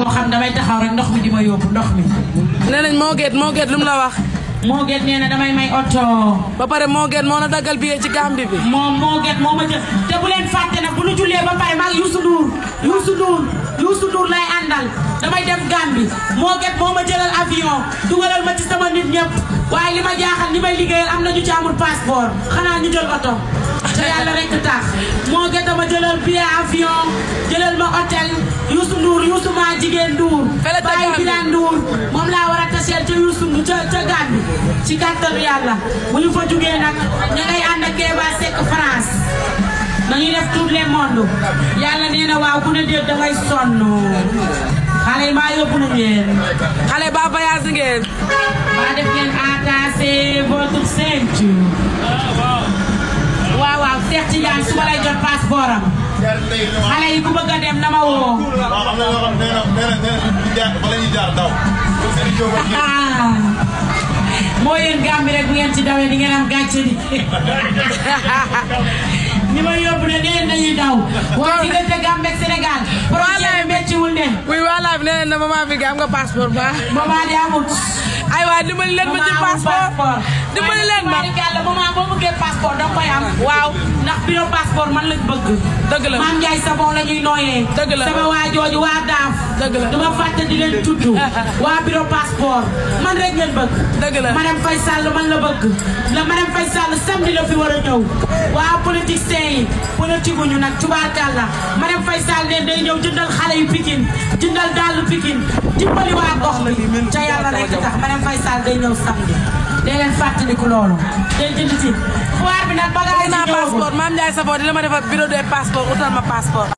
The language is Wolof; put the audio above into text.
boo xam damay taxaw rek ndox mi di ma yóbbu ndox mi. nee nañ moo geet moo la wax. moo geet nee na damay may oto. ba pare moo geet moo la daggal billet ci Gambie bi. moom moo geet moo ma jëf te bu leen fàtte nag bu ñu jullee ba pare mag Youssou Ndour Youssou Ndour Youssou Ndour lay ma jëlal avion dugalal ma ci sama nit ñëpp waaye li ma jaaxal li may liggéeyal am na ñu ci amul passeport xanaa ñu jël oto. te yàlla rek tax moo geet dama jëlal billet avion jëlal ma hôtel Youssou Ndour Ndour moom laa war a taseel ca Youssou ca ca Gàmbi ci kàttanu yàlla bu ñu fa jugee nag ña ngay ànd ak Kéba Seck France def tout le monde yàlla nee na waaw ku déet dangay sonn xale yi maa yóbbu nañu leen xale ba voyage ngeen maa def leen attaché votre ceinture Tidiane suba jot passeport am. xale yi ku bëgg a dem na ma woo. waaw am na bu ngeen ci dawee di ngeen am gàcce ñi ma yóbbu ne nee nañu daw. waaw diggante Gambie ak Sénégal. walaay méttiwul ne. oui walaay bi nee nañ ne maman bi nga am nga passeport ba. maman di amut. aywa dimbali leen ma ci passeport. tubaarikàlla moment boo bëggee passeport danga koy am. waaw ndax man la maam Ndiaye Savon la ñuy nooyee. dëgg la sama waa jooju waa daaf. dëgg la du ma fàtte di leen tudd. waa bureau passeport man rek ngeen bëgg. dëgg la madame Faye Sall man la bëgg. la madame Faye Sall samedi la fi war a ñëw. waa politiciens yi politique ñu nag tubaarkàlla madame Faye Sall leen day ñëw jëndal xale yu Pikine jëndal dàllu Pikine dimbali waa gox bi ca yàlla rek tax madame Faye Sall day ñëw samedi ji fàttaliku loolu. day jënd ci. foire bi nag bagage yi ñëwagul naa passeport maam Ndiaye Savon dina ma defar bureau de passeport utal ma passeport.